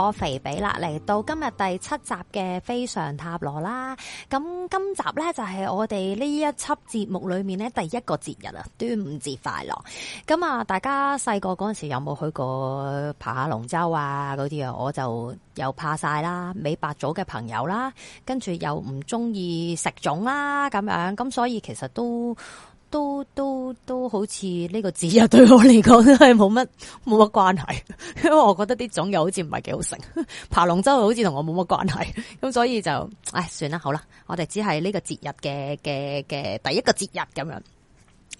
我菲比啦，嚟到今日第七集嘅《菲常塔羅》啦。咁今集呢，就係我哋呢一輯節目裏面呢第一個節日啊，端午節快樂。咁啊，大家細個嗰陣時有冇去過爬下龍舟啊嗰啲啊？我就又怕晒啦，美白組嘅朋友啦，跟住又唔中意食粽啦咁樣，咁所以其實都。都都都好似呢個節日對我嚟講都係冇乜冇乜關係，因為我覺得啲粽又好似唔係幾好食，爬龍舟好似同我冇乜關係。咁所以就唉算啦，好啦，我哋只係呢個節日嘅嘅嘅第一個節日咁樣。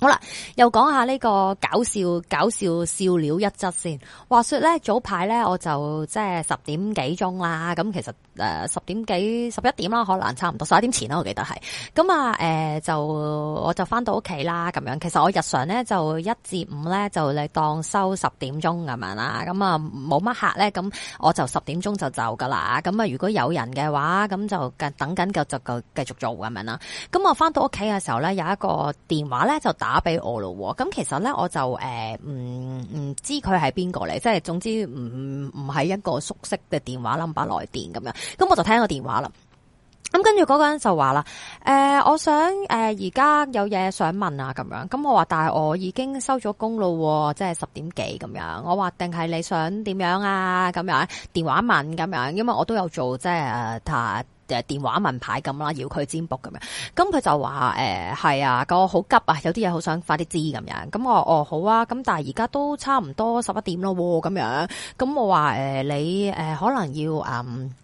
好啦，又講下呢個搞笑搞笑笑料一則先。話說咧，早排咧我就即係十點幾鐘啦，咁其實。誒，十點幾十一點啦，可能差唔多十一點前啦，我記得係咁啊。誒、嗯，就我就翻到屋企啦，咁樣。其實我日常咧就一至五咧就咧當收十點鐘咁樣啦。咁啊，冇乜客咧，咁我就十點鐘就走噶啦。咁啊，如果有人嘅話，咁就等緊夠就繼續做咁樣啦。咁我翻到屋企嘅時候咧，有一個電話咧就打俾我咯。咁其實咧我就誒，唔、欸、唔、嗯、知佢係邊個嚟，即係總之唔唔係一個熟悉嘅電話 number 來電咁樣。咁我就聽個電話啦。咁跟住嗰個人就話啦，誒、呃，我想誒而家有嘢想問啊，咁樣。咁我話，但係我已經收咗工咯，即係十點幾咁樣。我話，定係你想點樣啊？咁樣電話問咁樣，因為我都有做即係誒，誒、呃、電話問牌咁啦，要佢占卜咁樣。咁佢就話，誒、呃，係啊，個好急啊，有啲嘢好想快啲知咁樣。咁我，哦，好啊。咁但係而家都差唔多十一點咯，咁樣。咁我話，誒、呃，你誒、呃、可能要、呃、呃、可能要嗯。嗯嗯嗯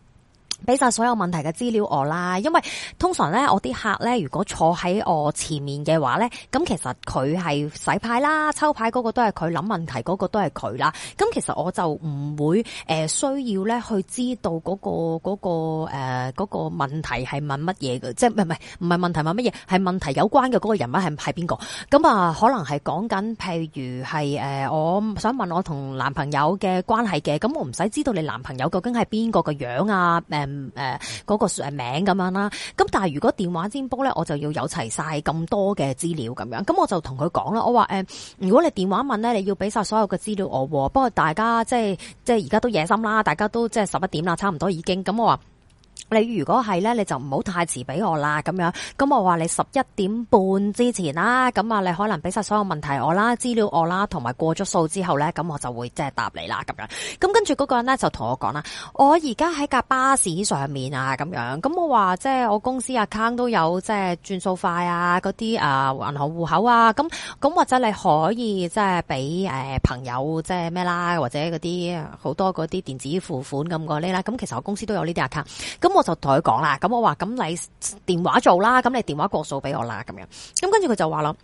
俾晒所有問題嘅資料我啦，因為通常咧，我啲客咧如果坐喺我前面嘅話咧，咁其實佢係洗牌啦、抽牌嗰個都係佢諗問題，嗰個都係佢啦。咁其實我就唔會誒需要咧去知道嗰個嗰個誒嗰個問題係問乜嘢嘅，即係唔係唔係唔係問題問乜嘢，係問題有關嘅嗰個人物係係邊個？咁啊，可能係講緊譬如係誒，我想問我同男朋友嘅關係嘅，咁我唔使知道你男朋友究竟係邊個嘅樣啊，誒。誒，嗰個誒名咁樣啦，咁但係如果電話占卜咧，我就要有齊晒咁多嘅資料咁樣，咁我就同佢講啦，我話誒，如果你電話問咧，你要俾晒所有嘅資料我，不過大家即係即係而家都野心啦，大家都即係十一點啦，差唔多已經，咁我話。你如果係咧，你就唔好太遲俾我啦，咁樣。咁我話你十一點半之前啦，咁啊，你可能俾晒所有問題我啦，資料我啦，同埋過咗數之後咧，咁我就會即係答你啦，咁樣。咁跟住嗰個人咧就同我講啦，我而家喺架巴士上面啊，咁樣。咁我話即係我公司 account 都有即係轉數快啊，嗰啲啊銀行戶口啊，咁咁或者你可以即係俾誒朋友即係咩啦，或者嗰啲好多嗰啲電子付款咁嗰啲啦。咁其實我公司都有呢啲 account，咁。我就同佢講啦，咁我話咁你電話做啦，咁你電話過數俾我啦，咁樣，咁跟住佢就話啦。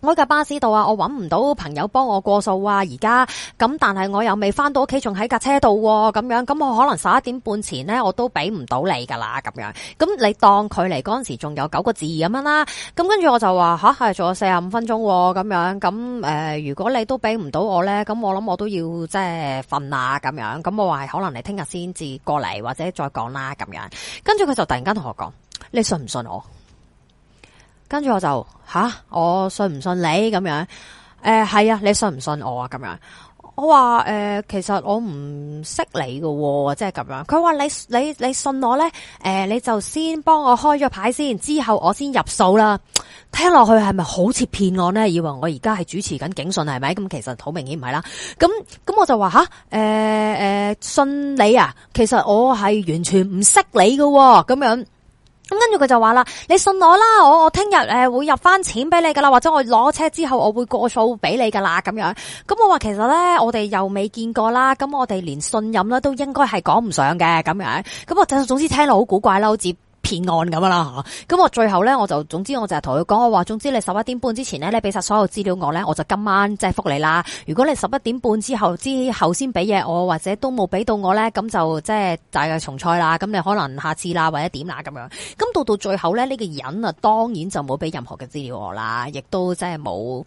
我喺架巴士度啊，我搵唔到朋友幫我過數啊，而家咁，但係我又未翻到屋企，仲喺架車度咁、啊、樣，咁我可能十一點半前呢，我都俾唔到你噶啦咁樣。咁你當距離嗰陣時，仲有九個字咁樣啦、啊。咁跟住我就話吓，係仲有四十五分鐘咁、啊、樣。咁誒、呃，如果你都俾唔到我呢，咁我諗我都要即係瞓啦咁樣。咁我話可能你聽日先至過嚟，或者再講啦咁樣。跟住佢就突然間同我講：，你信唔信我？跟住我就吓，我信唔信你咁樣？誒、呃，係啊，你信唔信我啊？咁樣，我話誒、呃，其實我唔識你噶、哦，即係咁樣。佢話你你你信我咧？誒、呃，你就先幫我開咗牌先，之後我先入數啦。聽落去係咪好似騙案咧？以為我而家係主持緊警訊係咪？咁、嗯、其實好明顯唔係啦。咁、嗯、咁、嗯、我就話吓，誒誒、呃呃，信你啊？其實我係完全唔識你噶、哦，咁樣。咁跟住佢就話啦，你信我啦，我我聽日誒會入翻錢俾你噶啦，或者我攞車之後我會過數俾你噶啦咁樣。咁我話其實咧，我哋又未見過啦，咁我哋連信任咧都應該係講唔上嘅，咁樣。咁我就總之聽落好古怪啦，好似。騙案咁啊啦吓，咁、嗯、我最後呢，我就總之我就係同佢講我話，總之你十一點半之前呢，你俾晒所有資料我呢，我就今晚即係覆你啦。如果你十一點半之後之後先俾嘢我，或者都冇俾到我呢，咁就即係大概重賽啦。咁你可能下次啦，或者點啦咁樣。咁到到最後呢，呢、呢個人啊，當然就冇俾任何嘅資料我啦，亦都即係冇。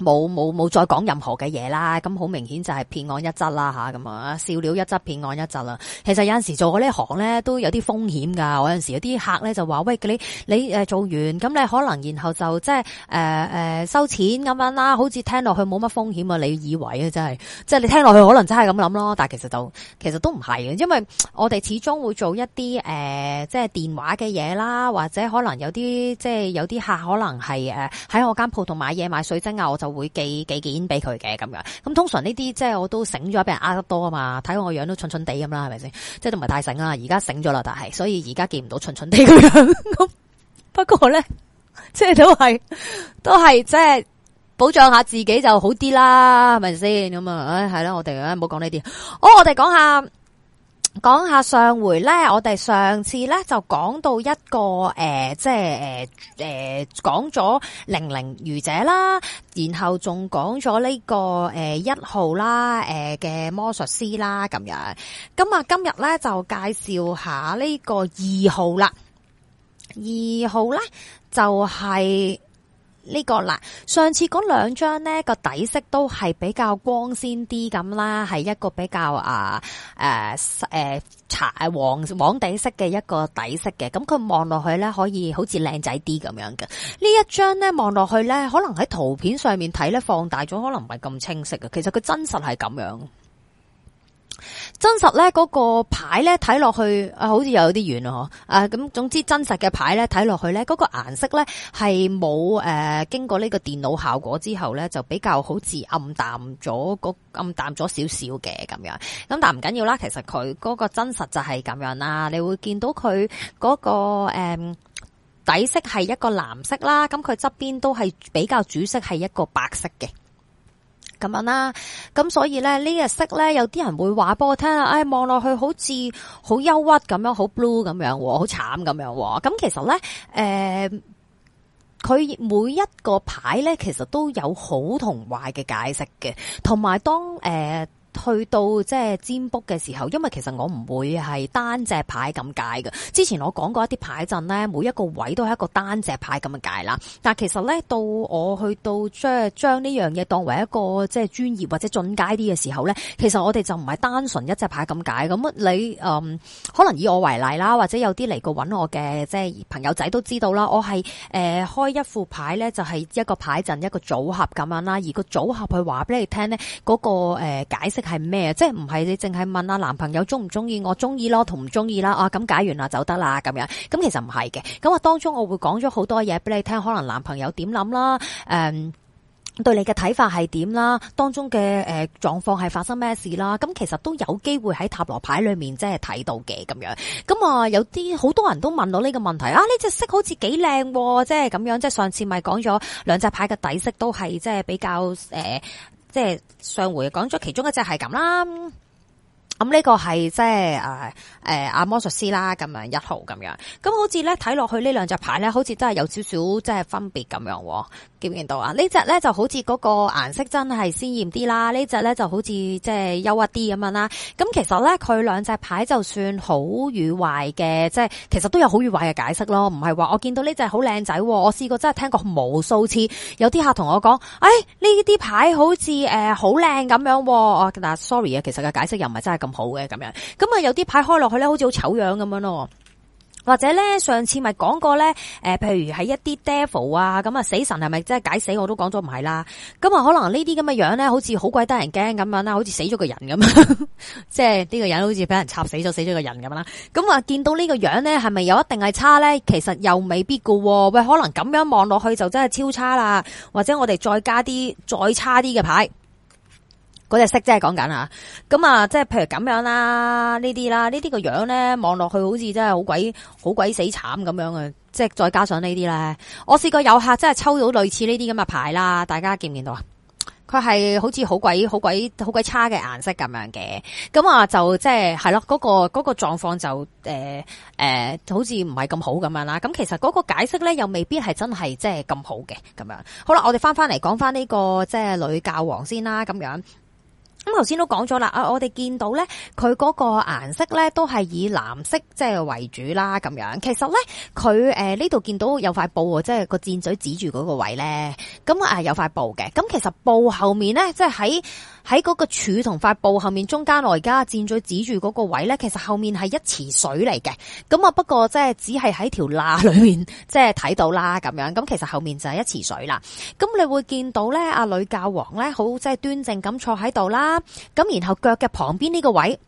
冇冇冇再講任何嘅嘢啦，咁好明顯就係騙案一則啦吓，咁啊笑料一則，騙案一則啦。其實有陣時做我呢行咧都有啲風險噶，我有陣時有啲客咧就話喂，你你誒、呃、做完咁你可能然後就即係誒誒收錢咁樣啦，好似聽落去冇乜風險啊，你以為啊真係，即係你聽落去可能真係咁諗咯，但係其實就其實都唔係嘅，因為我哋始終會做一啲誒、呃、即係電話嘅嘢啦，或者可能有啲即係有啲客可能係誒喺我間鋪度買嘢買水晶啊，就會寄幾件俾佢嘅咁樣，咁通常呢啲即係我都醒咗，俾人呃得多啊嘛，睇我個樣都蠢蠢地咁啦，係咪先？即係都唔係太醒啦，而家醒咗啦，但係所以而家見唔到蠢蠢地咁樣、樣。咁 不過咧，即係都係都係即係保障下自己就好啲啦，係咪先？咁啊，唉、哎，係啦，我哋啊，唔好講呢啲。哦，我哋講下。講下上回咧，我哋上次咧就講到一個誒、呃，即係誒誒，講咗零零愚者啦，然後仲講咗呢、這個誒、呃、一號啦，誒、呃、嘅魔術師啦咁樣。咁啊今日咧就介紹下呢個二號啦，二號咧就係、是。呢個啦，上次嗰兩張呢個底色都係比較光鮮啲咁啦，係一個比較啊誒誒、啊啊、茶誒、啊、黃黃底色嘅一個底色嘅，咁佢望落去呢，可以好似靚仔啲咁樣嘅。呢一張呢望落去呢，可能喺圖片上面睇呢，放大咗，可能唔係咁清晰嘅。其實佢真實係咁樣。真實咧嗰個牌咧睇落去啊，好似又有啲遠嗬。啊，咁總之真實嘅牌咧睇落去咧，嗰個顏色咧係冇誒，經過呢個電腦效果之後咧，就比較好似暗淡咗，暗淡咗少少嘅咁樣。咁但唔緊要啦，其實佢嗰個真實就係咁樣啦。你會見到佢嗰個誒、呃、底色係一個藍色啦，咁佢側邊都係比較主色係一個白色嘅。咁樣啦，咁所以咧呢日色咧，有啲人會話俾我聽啊，唉、哎，望落去好似好憂鬱咁樣，好 blue 咁樣，好慘咁樣。咁、嗯、其實咧，誒、呃，佢每一個牌咧，其實都有好同壞嘅解釋嘅，同埋當誒。呃去到即係占卜嘅時候，因為其實我唔會係單隻牌咁解嘅。之前我講過一啲牌陣咧，每一個位都係一個單隻牌咁樣解啦。但係其實咧，到我去到即係將呢樣嘢當為一個即係專業或者進階啲嘅時候咧，其實我哋就唔係單純一隻牌咁解。咁你嗯、呃、可能以我為例啦，或者有啲嚟過揾我嘅即係朋友仔都知道啦，我係誒、呃、開一副牌咧，就係一個牌陣一個組合咁樣啦，而個組合去話俾你聽咧，嗰個誒、呃、解釋。係咩？即係唔係你淨係問下男朋友中唔中意我中意咯，同唔中意啦啊？咁解完啦，就得啦咁樣。咁其實唔係嘅。咁啊，當中我會講咗好多嘢俾你聽，可能男朋友點諗啦？誒、嗯，對你嘅睇法係點啦？當中嘅誒狀況係發生咩事啦？咁其實都有機會喺塔羅牌裏面即係睇到嘅咁樣。咁啊、呃，有啲好多人都問到呢個問題啊，呢隻色好似幾靚，即係咁樣。即係上次咪講咗兩隻牌嘅底色都係即係比較誒。呃即係上回講咗其中一隻，係咁啦。咁呢，嗯這個係即係誒誒，阿魔術師啦，咁樣一號咁樣，咁好似咧睇落去呢兩隻牌咧，好似真係有少少即係分別咁樣，見唔見到啊？隻呢隻咧就好似嗰個顏色真係鮮艷啲啦，隻呢隻咧就好似即係憂鬱啲咁樣啦。咁、嗯、其實咧佢兩隻牌就算好與壞嘅，即係其實都有好與壞嘅解釋咯。唔係話我見到呢隻好靚仔，我試過真係聽過無數次，有啲客同我講，誒呢啲牌好似誒好靚咁樣。我嗱，sorry 啊，其實嘅解釋又唔係真係。咁好嘅咁樣，咁啊有啲牌開落去咧，好似好醜樣咁樣咯，或者咧上次咪講過咧，誒、呃，譬如喺一啲 devil 啊，咁啊死神係咪真係解死？我都講咗唔係啦，咁啊可能呢啲咁嘅樣咧，好似好鬼得人驚咁樣啦，好似死咗個人咁樣，即係呢個人好似俾人插死咗，死咗個人咁樣啦，咁啊見到呢個樣咧，係咪有一定係差咧？其實又未必噶，喂，可能咁樣望落去就真係超差啦，或者我哋再加啲再差啲嘅牌。嗰隻色真係講緊啊！咁啊，即係譬如咁樣啦，呢啲啦，呢啲個樣咧，望落去好似真係好鬼好鬼死慘咁樣啊！即係再加上呢啲咧，我試過有客真係抽到類似呢啲咁嘅牌啦，大家見唔見到啊？佢係好似好鬼好鬼好鬼差嘅顏色咁樣嘅，咁啊就即係係咯，嗰個嗰個狀況就誒誒，好似唔係咁好咁樣啦。咁其實嗰個解釋咧，又未必係真係即係咁好嘅咁樣。好啦，我哋翻翻嚟講翻呢個即係女教皇先啦，咁樣。咁頭先都講咗啦，啊，我哋見到咧，佢嗰個顏色咧都係以藍色即係為主啦，咁樣。其實咧，佢誒呢度見到有塊布，即係個箭嘴指住嗰個位咧，咁、嗯、啊有塊布嘅。咁其實布後面咧，即係喺。喺嗰個柱同塊布後面中間，而家箭嘴指住嗰個位咧，其實後面係一池水嚟嘅。咁啊，不過即係只係喺條罅裏面即係睇到啦，咁樣，咁其實後面就係一池水啦。咁你會見到咧，阿女教皇咧好即係端正咁坐喺度啦。咁然後腳嘅旁邊呢個位。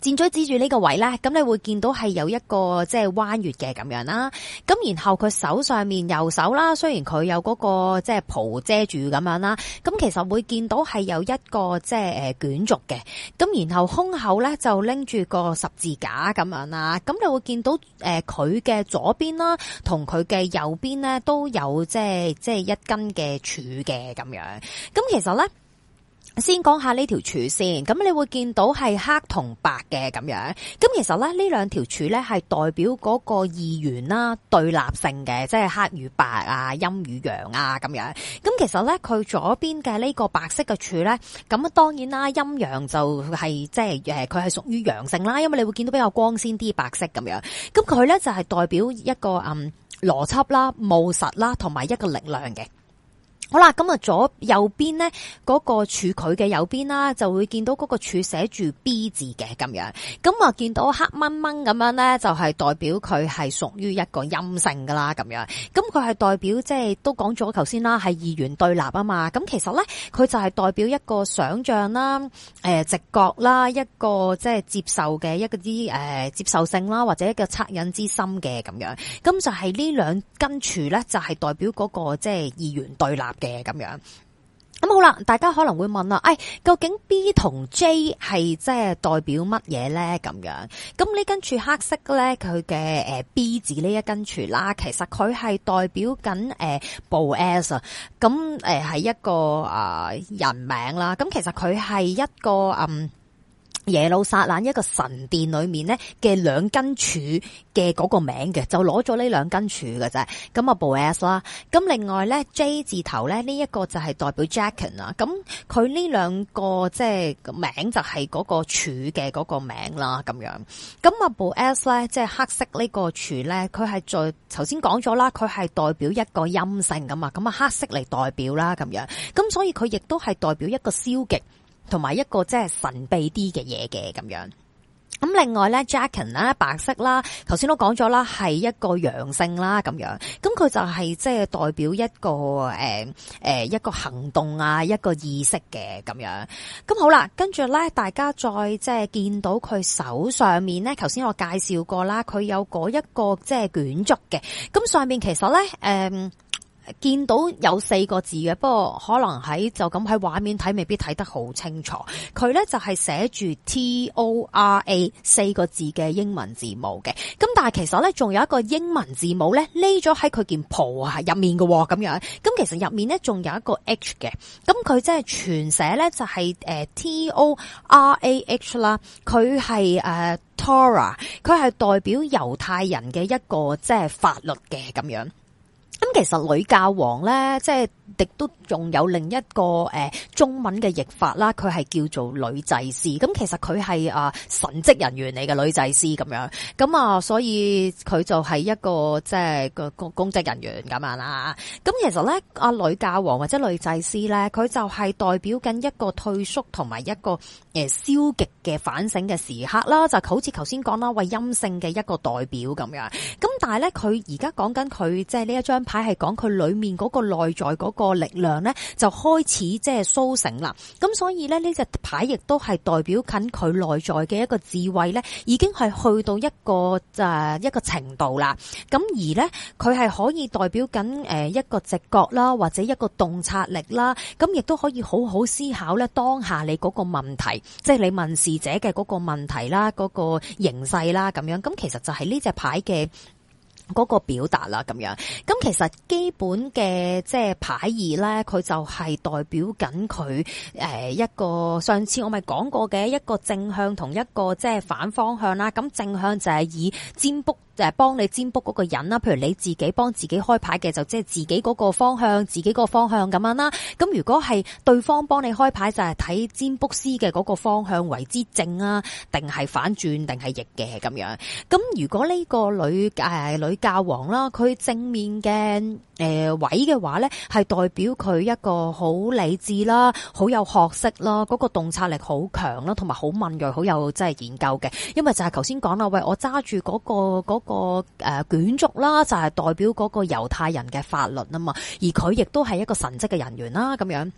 箭嘴指住呢個位咧，咁你會見到係有一個即係彎月嘅咁樣啦。咁然後佢手上面右手啦，雖然佢有嗰個即係袍遮住咁樣啦，咁其實會見到係有一個即係誒卷軸嘅。咁然後胸口咧就拎住個十字架咁樣啦。咁你會見到誒佢嘅左邊啦，同佢嘅右邊咧都有即係即係一根嘅柱嘅咁樣。咁其實咧。先講下呢條柱先，咁你會見到係黑同白嘅咁樣，咁其實咧呢兩條柱咧係代表嗰個二元啦，對立性嘅，即係黑與白啊，陰與陽啊咁樣。咁其實咧，佢左邊嘅呢個白色嘅柱咧，咁啊當然啦，陰陽就係即係誒，佢係屬於陽性啦，因為你會見到比較光鮮啲白色咁樣。咁佢咧就係代表一個嗯邏輯啦、務實啦，同埋一個力量嘅。好啦，咁啊，左右邊呢嗰個柱佢嘅右邊啦，就會見到嗰個柱寫住 B 字嘅咁樣。咁啊，見到黑掹掹咁樣呢，就係、是、代表佢係屬於一個陰性噶啦咁樣。咁佢係代表即係、就是、都講咗頭先啦，係二元對立啊嘛。咁其實呢，佢就係代表一個想像啦、誒、呃、直覺啦、一個即係接受嘅一嗰啲誒接受性啦，或者一個惻隱之心嘅咁樣。咁就係、是、呢兩根柱呢，就係、是、代表嗰、那個即係二元對立嘅咁樣，咁、嗯、好啦，大家可能會問啊，誒、哎，究竟 B 同 J 係即係代表乜嘢咧？咁樣，咁呢根柱黑色咧，佢嘅誒 B 字呢一根柱啦，其實佢係代表緊誒布 S 啊、嗯，咁誒係一個啊、呃、人名啦，咁、嗯、其實佢係一個嗯。耶路撒冷一個神殿裏面咧嘅兩根柱嘅嗰個名嘅，就攞咗呢兩根柱嘅啫。咁啊，布 S 啦。咁另外咧 J 字頭咧，呢一個就係代表 Jachin 啦。咁佢呢兩個即係名就係嗰個柱嘅嗰個名啦。咁樣，咁啊，布 S 咧即係黑色呢個柱咧，佢係在頭先講咗啦，佢係代表一個陰性噶嘛。咁啊，黑色嚟代表啦，咁樣。咁所以佢亦都係代表一個消極同埋一個即係神秘啲嘅嘢嘅咁樣，咁另外咧，Jacken 咧白色啦，頭先都講咗啦，係一個陽性啦咁樣，咁佢就係即係代表一個誒誒、呃呃、一個行動啊，一個意識嘅咁樣，咁好啦，跟住咧大家再即係見到佢手上面咧，頭先我介紹過啦，佢有嗰一個即係卷軸嘅，咁上面其實咧誒。呃見到有四個字嘅，不過可能喺就咁喺畫面睇，未必睇得好清楚。佢咧就係寫住 T O R A 四個字嘅英文字母嘅。咁但係其實咧，仲有一個英文字母咧匿咗喺佢件袍啊入面嘅咁樣。咁其實入面咧仲有一個 H 嘅。咁佢即係全寫咧就係誒 T O R A H 啦。佢係誒 Torah，佢係代表猶太人嘅一個即係法律嘅咁樣。咁其實女教皇咧，即係。亦都仲有另一個誒、呃、中文嘅譯法啦，佢係叫做女祭司。咁其實佢係啊神職人員嚟嘅女祭司咁樣，咁、呃、啊所以佢就係一個即係個公公職人員咁樣啦。咁其實咧，阿、呃、女教皇或者女祭司咧，佢就係代表緊一個退縮同埋一個誒、呃、消極嘅反省嘅時刻啦。就好似頭先講啦，為陰性嘅一個代表咁樣。咁但係咧，佢而家講緊佢即係呢一張牌係講佢裡面嗰個內在嗰、嗰個，個力量咧就開始即係甦醒啦，咁所以咧呢隻牌亦都係代表緊佢內在嘅一個智慧咧，已經係去到一個誒一個程度啦。咁而呢，佢係可以代表緊誒一個直覺啦，或者一個洞察力啦，咁亦都可以好好思考咧當下你嗰個問題，即係你問事者嘅嗰個問題啦，嗰個形勢啦，咁樣，咁其實就係呢隻牌嘅。嗰個表達啦，咁樣，咁其實基本嘅即係牌意咧，佢就係代表緊佢誒一個上次我咪講過嘅一個正向同一個即係反方向啦。咁正向就係以占卜。就係幫你占卜嗰個人啦，譬如你自己幫自己開牌嘅，就即係自己嗰個方向，自己嗰個方向咁樣啦。咁如果係對方幫你開牌，就係、是、睇占卜師嘅嗰個方向為之正啊，定係反轉，定係逆嘅咁樣。咁如果呢個女誒、呃、女教皇啦，佢正面嘅誒、呃、位嘅話呢，係代表佢一個好理智啦，好有學識啦，嗰、那個洞察力好強啦，同埋好敏銳，好有即係研究嘅。因為就係頭先講啦，喂，我揸住嗰個、那個個誒卷軸啦，就係代表嗰個猶太人嘅法律啊嘛，而佢亦都係一個神職嘅人員啦，咁樣。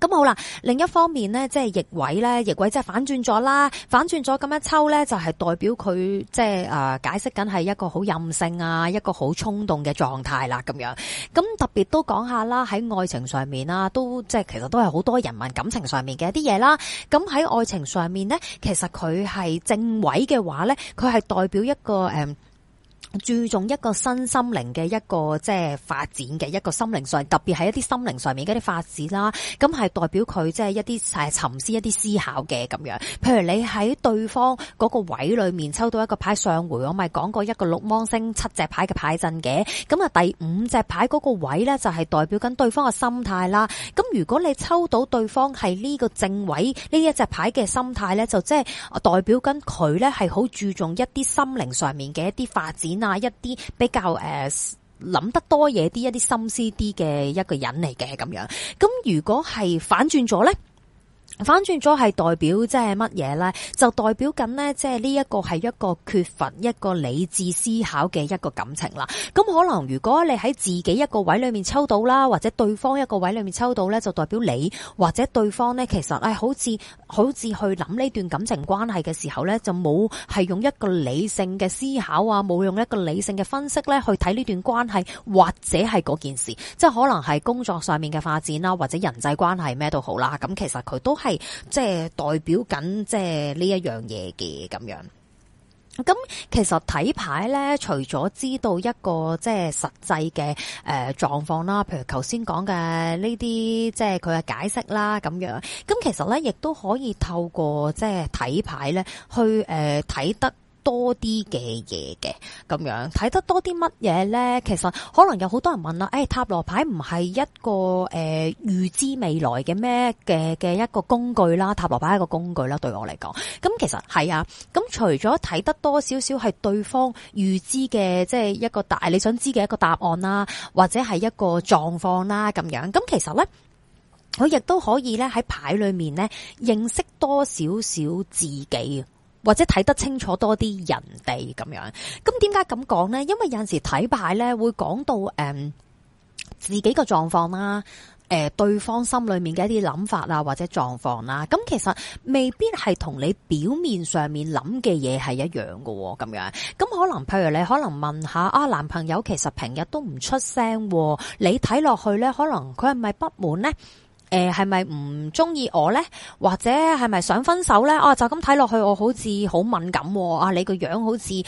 咁好啦，另一方面呢，即係逆位呢，逆位即係反轉咗啦，反轉咗咁一抽呢就係代表佢即係誒解釋緊係一個好任性啊，一個好衝動嘅狀態啦，咁樣。咁特別都講下啦，喺愛情上面啊，都即係其實都係好多人民感情上面嘅一啲嘢啦。咁喺愛情上面呢，其實佢係正位嘅話呢，佢係代表一個誒。嗯注重一個身心靈嘅一個即係發展嘅一個心靈上，特別係一啲心靈上面嗰啲發展啦，咁係代表佢即係一啲誒沉思一啲思考嘅咁樣。譬如你喺對方嗰個位裏面抽到一個牌，上回我咪講過一個六芒星七隻牌嘅牌陣嘅，咁啊第五隻牌嗰個位咧就係代表緊對方嘅心態啦。咁如果你抽到對方係呢個正位呢一隻牌嘅心態咧，就即係代表緊佢咧係好注重一啲心靈上面嘅一啲發展。嗱，一啲比較誒諗、uh, 得多嘢啲一啲心思啲嘅一個人嚟嘅咁樣，咁如果係反轉咗咧？反轉咗係代表即係乜嘢呢？就代表緊呢，即係呢一個係一個缺乏一個理智思考嘅一個感情啦。咁可能如果你喺自己一個位裏面抽到啦，或者對方一個位裏面抽到呢，就代表你或者對方呢，其實唉好似好似去諗呢段感情關係嘅時候呢，就冇係用一個理性嘅思考啊，冇用一個理性嘅分析呢去睇呢段關係，或者係嗰件事，即係可能係工作上面嘅發展啦，或者人際關係咩都好啦。咁其實佢都係。即係代表緊，即係呢一樣嘢嘅咁樣。咁其實睇牌咧，除咗知道一個即係實際嘅誒狀況啦，譬如頭先講嘅呢啲，即係佢嘅解釋啦，咁樣。咁其實咧，亦都可以透過即係睇牌咧，去誒睇得。多啲嘅嘢嘅，咁樣睇得多啲乜嘢呢？其實可能有好多人問啦，誒、哎，塔羅牌唔係一個誒呃、預知未來嘅咩嘅嘅一個工具啦，塔羅牌一個工具啦，對我嚟講，咁其實係啊。咁除咗睇得多少少係對方預知嘅，即係、就是、一個答你想知嘅一個答案啦，或者係一個狀況啦，咁樣，咁其實呢，佢亦都可以咧喺牌裏面咧認識多少少自己。或者睇得清楚多啲人哋咁樣，咁點解咁講呢？因為有陣時睇牌咧會講到誒、呃、自己個狀況啦，誒、呃、對方心裏面嘅一啲諗法啦，或者狀況啦，咁其實未必係同你表面上面諗嘅嘢係一樣嘅咁樣，咁可能譬如你可能問下啊，男朋友其實平日都唔出聲，你睇落去咧，可能佢係咪不滿呢？誒，係咪唔中意我呢？或者係咪想分手呢？哦、啊，就咁睇落去，我好似好敏感、哦。啊，你個樣好似誒，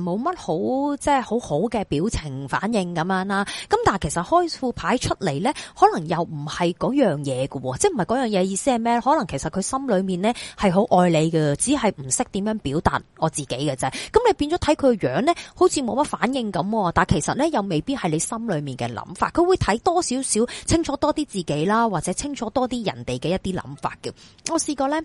冇乜好，即係好好嘅表情反應咁樣啦、啊。咁但係其實開副牌出嚟呢，可能又唔係嗰樣嘢噶，即係唔係嗰樣嘢意思係咩？可能其實佢心裏面呢係好愛你噶，只係唔識點樣表達我自己嘅啫。咁你變咗睇佢個樣呢，好似冇乜反應咁、啊。但係其實呢，又未必係你心裏面嘅諗法。佢會睇多少少清楚多啲自己啦，或者。清楚多啲人哋嘅一啲諗法嘅，我試過呢，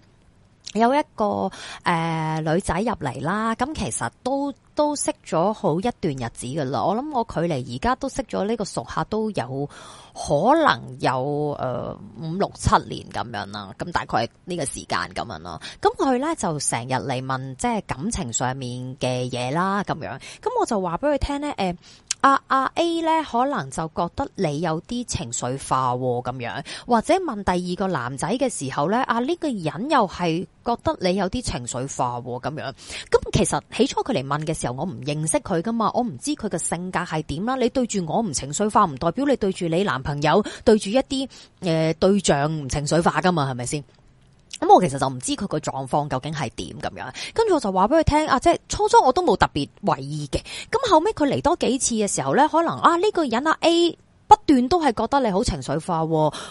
有一個誒、呃、女仔入嚟啦，咁其實都都識咗好一段日子噶啦，我諗我距離而家都識咗呢個熟客都有可能有誒五六七年咁樣啦，咁大概呢個時間咁樣啦，咁、嗯、佢呢，就成日嚟問即係感情上面嘅嘢啦，咁樣，咁、嗯、我就話俾佢聽呢。誒、呃。阿阿 A 咧，可能就覺得你有啲情緒化咁樣，或者問第二個男仔嘅時候咧，阿呢個人又係覺得你有啲情緒化咁樣。咁其實起初佢嚟問嘅時候，我唔認識佢噶嘛，我唔知佢嘅性格係點啦。你對住我唔情緒化，唔代表你對住你男朋友對住一啲誒對象唔情緒化噶嘛？係咪先？咁我其實就唔知佢個狀況究竟係點咁樣，跟住我就話俾佢聽，即係初初我都冇特別為意嘅。咁後尾，佢嚟多幾次嘅時候呢，可能啊呢個人啊，A 不斷都係覺得你好情緒化，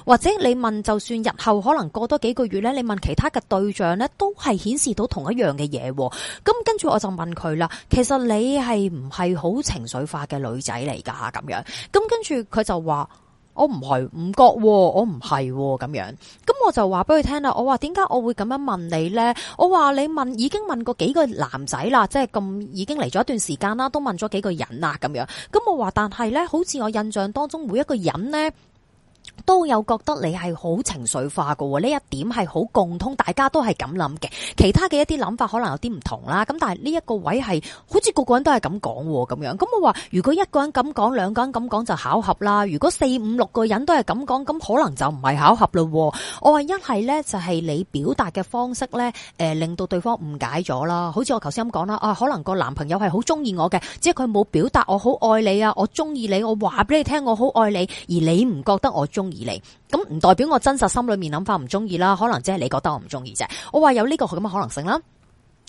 或者你問就算日後可能過多幾個月呢，你問其他嘅對象呢，都係顯示到同一樣嘅嘢，咁跟住我就問佢啦，其實你係唔係好情緒化嘅女仔嚟噶咁樣？咁跟住佢就話。我唔係唔覺、哦，我唔係咁樣，咁我就話俾佢聽啦。我話點解我會咁樣問你呢？我話你問已經問過幾個男仔啦，即係咁已經嚟咗一段時間啦，都問咗幾個人啦，咁樣。咁我話但係呢，好似我印象當中每一個人呢。都有覺得你係好情緒化噶喎、哦，呢一點係好共通，大家都係咁諗嘅。其他嘅一啲諗法可能有啲唔同啦。咁但係呢一個位係好似個個人都係咁講咁樣。咁、嗯、我話如果一個人咁講，兩個人咁講就巧合啦。如果四五六個人都係咁講，咁可能就唔係巧合嘞。我話一係呢，就係你表達嘅方式呢，誒、呃、令到對方誤解咗啦。好似我頭先咁講啦，啊可能個男朋友係好中意我嘅，即係佢冇表達我好愛你啊，我中意你，我話俾你聽我好愛你，而你唔覺得我。中意你，咁唔代表我真實心裏面諗法唔中意啦，可能只係你覺得我唔中意啫。我話有呢個咁嘅可能性啦。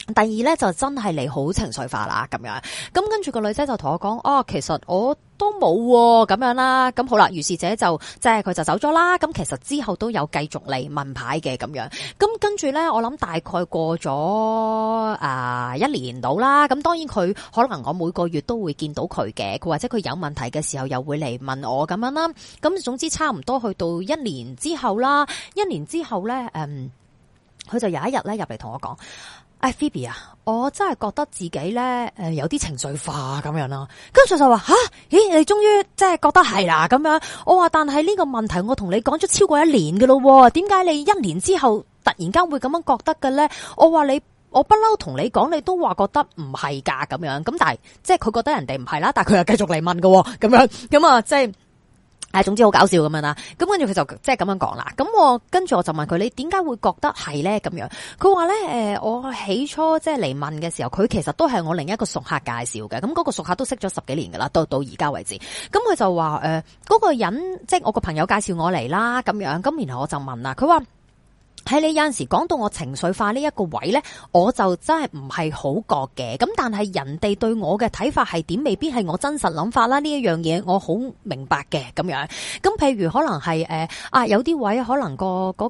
第二咧就真係你好情緒化啦，咁樣，咁跟住個女仔就同我講，哦、啊，其實我都冇咁、啊、樣啦，咁好啦，如是者就即係佢就走咗啦。咁其實之後都有繼續嚟問牌嘅咁樣，咁跟住咧，我諗大概過咗啊一年到啦。咁當然佢可能我每個月都會見到佢嘅，佢或者佢有問題嘅時候又會嚟問我咁樣啦。咁總之差唔多去到一年之後啦，一年之後咧，嗯，佢就有一日咧入嚟同我講。哎，Phoebe 啊，我真係覺得自己咧，誒、呃，有啲情緒化咁樣啦、啊。跟住就話吓，咦，你終於即係覺得係啦咁樣、啊。我話但係呢個問題，我同你講咗超過一年嘅咯、啊，點解你一年之後突然間會咁樣覺得嘅咧？我話你，我不嬲同你講，你都話覺得唔係噶咁樣、啊。咁但係即係佢覺得人哋唔係啦，但係佢又繼續嚟問嘅咁、啊、樣、啊，咁啊即係。誒，總之好搞笑咁樣啦，咁跟住佢就即係咁樣講啦，咁我跟住我就問佢，你點解會覺得係咧？咁樣，佢話咧，誒，我起初即係嚟問嘅時候，佢其實都係我另一個熟客介紹嘅，咁嗰個熟客都識咗十幾年噶啦，到到而家為止，咁佢就話，誒，嗰個人即係我個朋友介紹我嚟啦，咁樣，咁然後我就問啦，佢話。喺你有陣時講到我情緒化呢一個位呢，我就真係唔係好覺嘅。咁但係人哋對我嘅睇法係點，未必係我真實諗法啦。呢一樣嘢我好明白嘅咁樣。咁譬如可能係誒、呃、啊，有啲位可能個嗰、嗰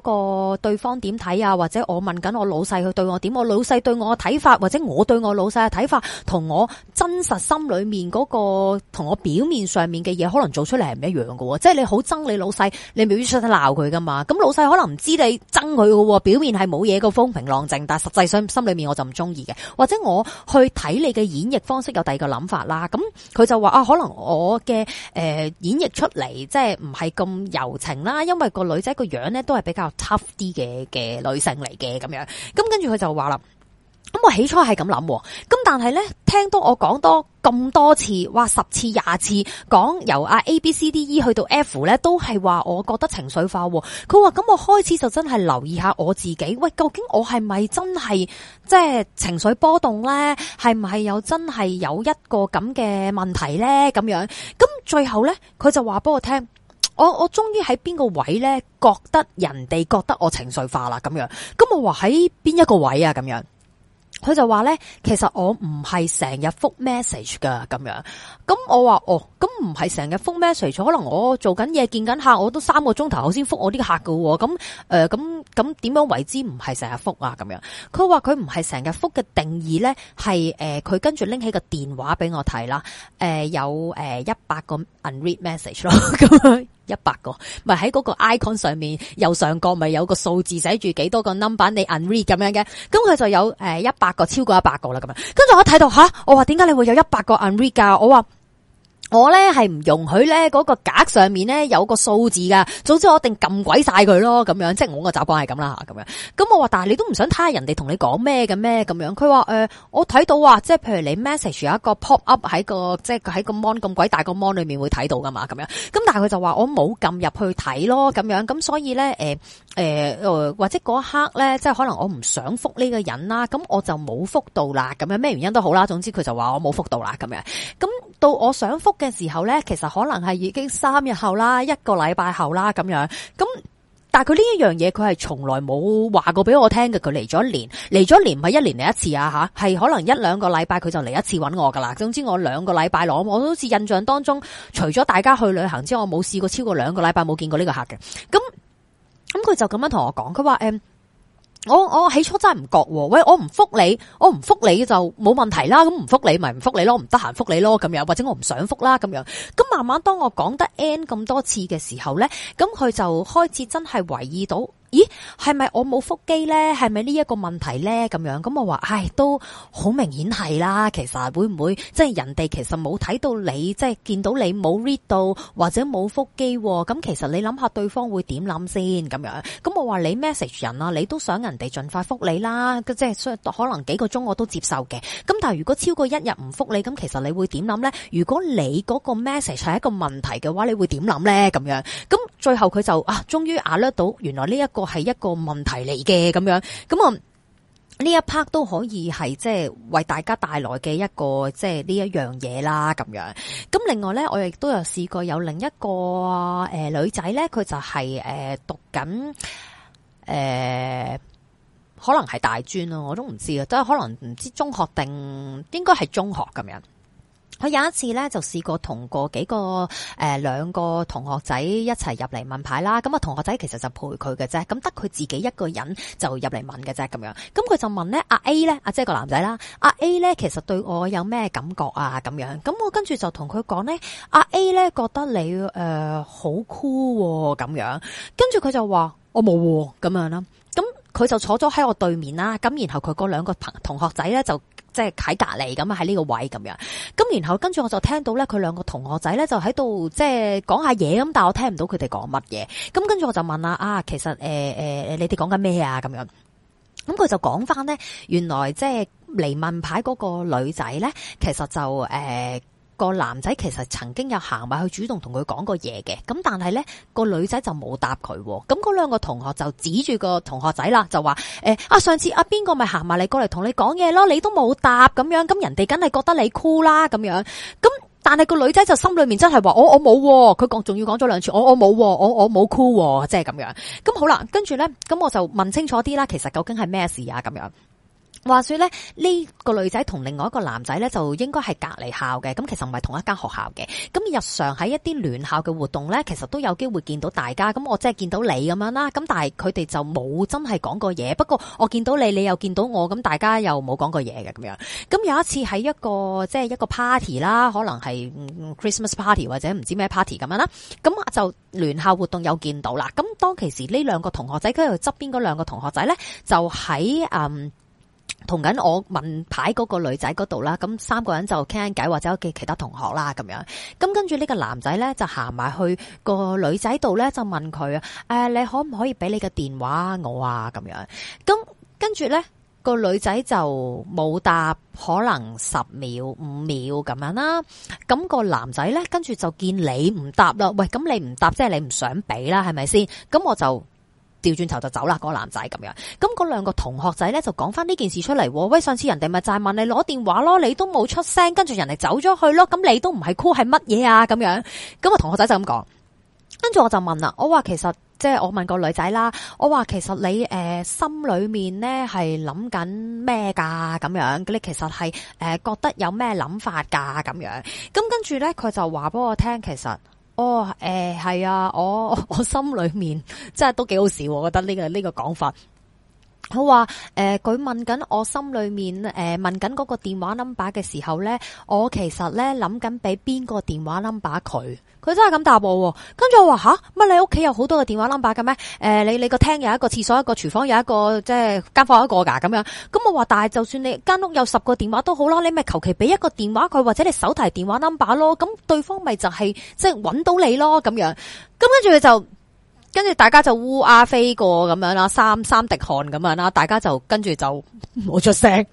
個對方點睇啊，或者我問緊我老細佢對我點，我老細對我嘅睇法，或者我對我老細嘅睇法，同我真實心裏面嗰、嗰個同我表面上面嘅嘢，可能做出嚟係唔一樣噶。即係你好憎你老細，你未必出得鬧佢噶嘛。咁老細可能唔知你憎。佢表面係冇嘢，個風平浪靜，但係實際上心裏面我就唔中意嘅，或者我去睇你嘅演繹方式有第二個諗法啦。咁佢就話啊，可能我嘅誒、呃、演繹出嚟，即係唔係咁柔情啦，因為個女仔個樣咧，都係比較 tough 啲，嘅嘅女性嚟嘅咁樣。咁跟住佢就話啦。咁我起初係咁諗，咁但係呢，聽到我講多咁多次，哇，十次廿次講由啊 A、B、C、D、E 去到 F 呢都係話我覺得情緒化。佢話咁，我開始就真係留意下我自己，喂，究竟我係咪真係即係情緒波動呢？係唔係有真係有一個咁嘅問題呢？咁樣咁最後呢，佢就話俾我聽，我我終於喺邊個位呢？覺得人哋覺得我情緒化啦。咁樣咁，樣我話喺邊一個位啊？咁樣。佢就話咧，其實我唔係成日覆 message 噶咁樣。咁我話哦，咁唔係成日覆 message，可能我做緊嘢，見緊客，我都三個鐘頭我先覆我啲客噶咁誒，咁咁點樣為之唔係成日覆啊？咁樣，佢話佢唔係成日覆嘅定義咧，係誒，佢跟住拎起個電話俾我睇啦，誒、呃、有誒一百個 unread message 咯，咁樣。 一百個，咪喺嗰個 icon 上面右上角咪有個數字寫住幾多個 number，你 unread 咁樣嘅，咁佢就有誒一百個超過個一百個啦咁樣，跟住我睇到吓，我話點解你會有一百個 unread 噶？我話。我咧係唔容許咧嗰個格上面咧有個數字噶，總之我一定撳鬼晒佢咯，咁樣即係我個習慣係咁啦咁樣。咁我話，但係你都唔想睇下人哋同你講咩嘅咩咁樣？佢話誒，我睇到啊，即係譬如你 message 有一個 pop up 喺個即係喺個 mon 咁鬼大個 mon 裏面會睇到噶嘛，咁樣。咁但係佢就話我冇撳入去睇咯，咁樣。咁所以咧，誒、呃、誒，或者嗰一刻咧，即係可能我唔想覆呢個人啦，咁我就冇覆到啦，咁樣咩原因都好啦，總之佢就話我冇覆到啦，咁樣。咁到我想覆嘅時候呢，其實可能係已經三日後啦，一個禮拜後啦咁樣。咁但係佢呢一樣嘢，佢係從來冇話過俾我聽嘅。佢嚟咗一年，嚟咗一年唔係一年嚟一次啊，吓，係可能一兩個禮拜佢就嚟一次揾我噶啦。總之我兩個禮拜攞，我好似印象當中，除咗大家去旅行之外，我冇試過超過兩個禮拜冇見過呢個客嘅。咁咁佢就咁樣同我講，佢話誒。嗯我我起初真係唔覺，喂，我唔覆你，我唔覆你就冇問題啦，咁唔覆你咪唔覆你咯，唔得閒覆你咯，咁樣或者我唔想覆啦，咁樣，咁慢慢當我講得 n 咁多次嘅時候咧，咁佢就開始真係懷疑到。咦，係咪我冇腹肌呢？係咪呢一個問題呢？咁樣，咁我話，唉，都好明顯係啦。其實會唔會即係人哋其實冇睇到你，即係見到你冇 read 到或者冇腹肌？咁其實你諗下對方會點諗先？咁樣，咁我話你 message 人啊，你都想人哋盡快覆你啦。即係可能幾個鐘我都接受嘅。咁但係如果超過一日唔覆你，咁其實你會點諗呢？如果你嗰個 message 係一個問題嘅話，你會點諗呢？咁樣，咁最後佢就啊，終於 get 到原來呢、這、一個。個係一個問題嚟嘅咁樣，咁啊呢一 part 都可以係即係為大家帶來嘅一個即係呢一樣嘢啦咁樣。咁另外咧，我亦都有試過有另一個誒、呃、女仔咧，佢就係、是、誒、呃、讀緊誒、呃、可能係大專啊，我都唔知啊，都係可能唔知中學定應該係中學咁樣。佢有一次咧就試過同個幾個誒、呃、兩個同學仔一齊入嚟問牌啦，咁啊同學仔其實就陪佢嘅啫，咁得佢自己一個人就入嚟問嘅啫咁樣，咁佢就問咧阿 A 咧，阿即係個男仔啦，阿 A 咧其實對我有咩感覺啊咁樣，咁我跟住就同佢講咧，阿 A 咧覺得你誒好酷喎咁樣，跟住佢就話我冇喎咁樣啦，咁佢就坐咗喺我對面啦，咁然後佢嗰兩個朋同學仔咧就。即係喺隔籬咁啊，喺呢個位咁樣。咁然後跟住我就聽到咧，佢兩個同學仔咧就喺度即係講下嘢，咁，但係我聽唔到佢哋講乜嘢。咁跟住我就問啦，啊，其實誒誒、呃呃，你哋講緊咩啊？咁樣，咁佢就講翻咧，原來即係嚟問牌嗰個女仔咧，其實就誒。呃個男仔其實曾經有行埋去主動同佢講過嘢嘅，咁但係咧個女仔就冇答佢。咁嗰兩個同學就指住個同學仔啦，就話誒、欸、啊，上次啊邊個咪行埋嚟過嚟同你講嘢咯，你都冇答咁樣，咁人哋梗係覺得你 cool 啦咁樣。咁但係個女仔就心裏面真係話、哦、我我冇、啊，佢講仲要講咗兩次：哦哦哦「我我冇、啊哦，我我冇 cool，即係咁樣。咁好啦，跟住咧咁我就問清楚啲啦，其實究竟係咩事啊咁樣。話説咧，呢個女仔同另外一個男仔咧，就應該係隔離校嘅。咁其實唔係同一間學校嘅。咁日常喺一啲聯校嘅活動咧，其實都有機會見到大家。咁我即係見到你咁樣啦。咁但係佢哋就冇真係講過嘢。不過我見到你，你又見到我，咁大家又冇講過嘢嘅咁樣。咁有一次喺一個即係一個 party 啦，可能係 Christmas party 或者唔知咩 party 咁樣啦。咁就聯校活動有見到啦。咁當其時呢兩個同學仔，佢喺度側邊嗰兩個同學仔咧，就喺嗯。同緊我問牌嗰個女仔嗰度啦，咁三個人就傾偈，或者屋企其他同學啦咁樣。咁跟住呢個男仔咧就行埋去個女仔度咧，就問佢：誒、呃，你可唔可以俾你個電話我啊？咁樣。咁跟住咧個女仔就冇答，可能十秒五秒咁樣啦。咁個男仔咧跟住就見你唔答啦。喂，咁你唔答即係你唔想俾啦，係咪先？咁我就。調轉頭就走啦，嗰個男仔咁樣，咁嗰兩個同學仔咧就講翻呢件事出嚟，喂，上次人哋咪就係問你攞電話咯，你都冇出聲，跟住人哋走咗去咯，咁你都唔係哭 o 係乜嘢啊？咁樣，咁、那、啊、個、同學仔就咁講，跟住我就問，我我問啦，我話其實即係我問個女仔啦，我話其實你誒、呃、心裏面呢係諗緊咩噶咁樣，你其實係誒、呃、覺得有咩諗法噶咁樣，咁跟住咧佢就話俾我聽其實。哦，誒、欸，係啊，我我，我心裏面真係都幾好笑，我覺得呢、呢個呢、呢個講法。佢話誒，佢、呃、問緊我心裏面誒、呃，問緊嗰個電話 number 嘅時候咧，我其實咧諗緊俾邊個電話 number 佢。佢真係咁答我，啊，跟住我話吓，乜、呃？你屋企有好多個電話 number 嘅咩？誒，你你個廳有一個廁所，廁所一個，廚房有一個，即係間房一個噶咁、就是、樣。咁我話，但係就算你間屋有十個電話都好啦，你咪求其俾一個電話佢，或者你手提電話 number 咯。咁對方咪就係即係搵到你咯咁樣。咁跟住佢就。跟住大家就烏鴉飛過咁樣啦，三三滴汗咁樣啦，大家就跟住就冇出聲，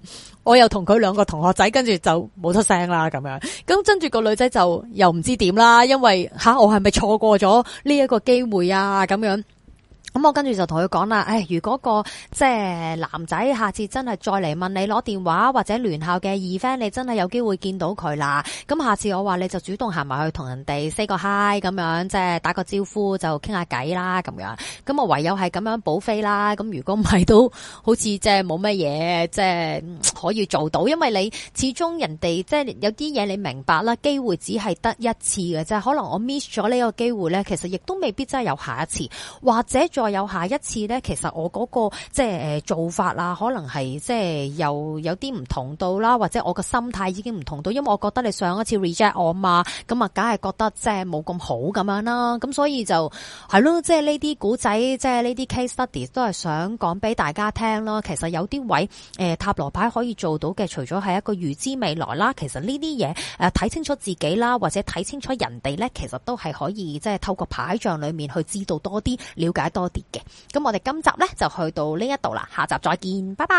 我又同佢兩個同學仔跟住就冇出聲啦咁樣，咁跟住個女仔就又唔知點啦，因為吓我係咪錯過咗呢一個機會啊咁樣。咁我跟住就同佢講啦，誒、哎、如果個即係男仔下次真係再嚟問你攞電話或者聯校嘅二 friend，你真係有機會見到佢啦。咁下次我話你就主動行埋去同人哋 say 個嗨咁樣，即係打個招呼就傾下偈啦咁樣，咁啊唯有係咁樣補飛啦。咁如果唔係都好似即係冇乜嘢，即係可以做到，因為你始終人哋即係有啲嘢你明白啦，機會只係得一次嘅啫。即係可能我 miss 咗呢個機會咧，其實亦都未必真係有下一次，或者再。有下一次呢，其實我嗰、嗰個即係誒做法啊，可能係即係又有啲唔同到啦，或者我個心態已經唔同到，因為我覺得你上一次 reject 我嘛，咁、嗯、啊，梗係覺得即係冇咁好咁樣啦。咁、嗯、所以就係咯，即係呢啲古仔，即係呢啲 case study 都係想講俾大家聽咯。其實有啲位誒、呃、塔羅牌可以做到嘅，除咗係一個預知未來啦，其實呢啲嘢誒睇清楚自己啦，或者睇清楚人哋呢，其實都係可以即係、呃、透過牌像裡面去知道多啲、了解多。嘅，咁我哋今集呢就去到呢一度啦，下集再見，拜拜。